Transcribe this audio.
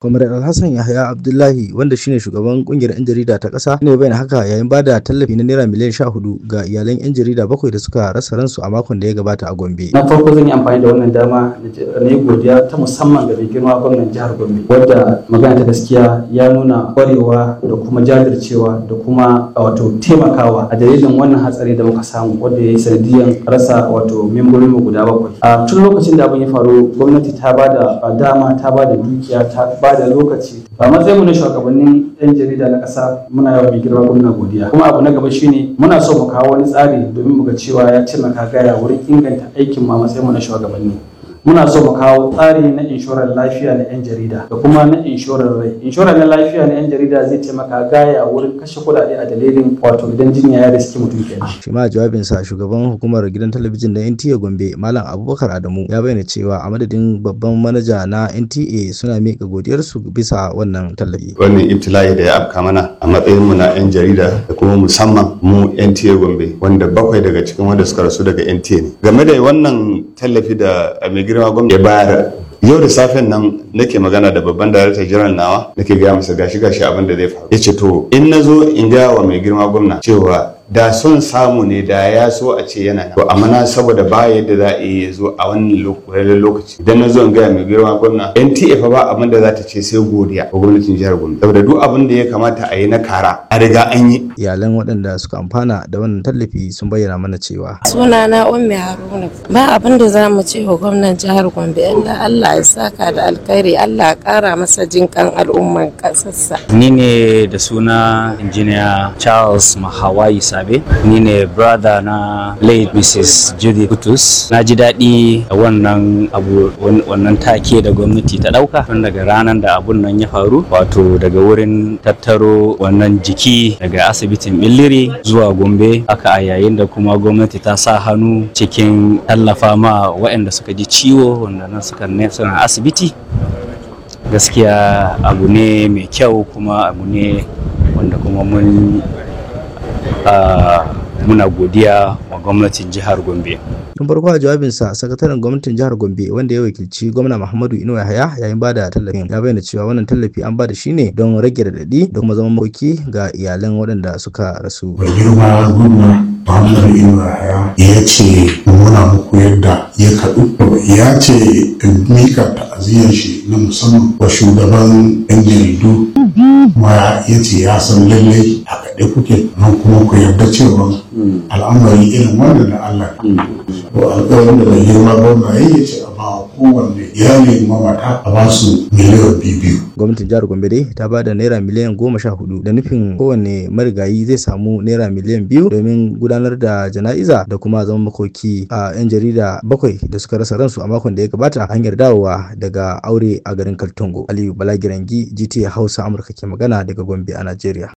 Comrade Alhassan Yahaya Abdullahi wanda shine shugaban kungiyar 'yan jarida ta kasa ne bayan haka yayin ba da tallafi na naira miliyan hudu ga iyalan 'yan jarida bakwai da suka rasa ransu a makon da ya gabata a Gombe. Na farko zan yi amfani da wannan dama na yi godiya ta musamman ga girma gwamnan jihar Gombe wadda magana ta gaskiya ya nuna kwarewa da kuma jajircewa da kuma wato taimakawa a dalilin wannan hatsari da muka samu wadda ya yi sanadiyan rasa wato membobin guda bakwai. A tun lokacin da abin ya faru gwamnati ta ba da dama ta ba dukiya ta Ba da lokaci a matsayin mu na shugabannin yan jarida na ƙasa muna yawan mai girma gwamna godiya kuma abu na gaba shine muna so mu kawo wani tsari domin mu ga cewa ya taimaka gaya wurin inganta aikin mu a matsayin mu na shugabanni muna so mu kawo tsari na inshorar lafiya na 'yan jarida da kuma na inshorar rai inshorar na lafiya na 'yan jarida zai taimaka gaya wurin kashe kuɗaɗe a dalilin wato idan jinya ya riski mutum kenan shi ma jawabinsa shugaban hukumar gidan talabijin na NTA Gombe Malam Abubakar Adamu ya bayyana cewa a madadin babban manaja na NTA suna miƙa godiyarsu bisa wannan tallafi wannan ibtila'i da ya afka mana a matsayin mu na 'yan jarida da kuma musamman mu NTA Gombe wanda bakwai daga cikin wanda suka rasu daga NTA ne game da wannan tallafi da eh, girma gwamna ya bayar yau da safen nan nake magana da babban darakta jiran nawa nake gaya masa gashi gashi abin da zai faru ya ce to in na zo in gaya wa mai girma gwamna cewa da son samu ne da ya so a ce yana to amma saboda ba yadda za a iya zo a wannan lokaci idan na zo in gaya mai girma gwamna NTF ba abin da za ta ce sai godiya ga gwamnatin jihar Gombe saboda duk abin da ya kamata a yi na kara a riga an yi iyalan waɗanda suka amfana da wannan tallafi sun bayyana mana cewa sunana Ummi Haruna ba abin da za mu ce wa gwamnan jihar Gombe inda Allah ya saka da alkhairi Allah ya kara masa jinkan al'umman kasarsa ni ne da suna injiniya Charles Mahawai Sabe. ni ne brother na late Mrs. Judy Kutus na ji daɗi wannan abu wannan take da gwamnati ta ɗauka tun daga ranar da abun nan ya faru wato daga wurin tattaro wannan jiki daga asibitin Billiri zuwa Gombe haka a yayin da kuma gwamnati ta sa hannu cikin tallafa ma waɗanda suka ji ciwo wanda nan suka suna asibiti gaskiya abu ne mai kyau kuma abu ne wanda kuma mun muna godiya wa gwamnatin jihar gombe tun farko a jawabinsa sakataren gwamnatin jihar gombe wanda ya wakilci gwamna muhammadu inuwa haya yayin ba da tallafin ya bayyana cewa wannan tallafi an ba da shi ne don rage radadi da kuma zama makoki ga iyalan waɗanda suka rasu mai girma gwamna muhammadu inuwa haya ya ce muna muku yadda ya kaɗu ya ce mika ta'aziyar shi na musamman wa shugaban yan jaridu kuma ya ce ya san lallai da kuke nan kuma ku yarda cewa al'amari irin wannan na Allah hmm. to alƙawarin da mai girma gwamna ya ce a ba kowanne iyali mamata a ba su miliyan biyu gwamnatin jihar gombe dai ta ba da naira miliyan goma sha hudu da nufin kowanne marigayi zai samu naira miliyan biyu domin gudanar da jana'iza da kuma zama makoki a yan jarida bakwai da suka rasa ransu a makon da ya gabata hanyar dawowa daga aure a garin kaltongo aliyu balagirangi gta hausa amurka ke magana daga gombe a najeriya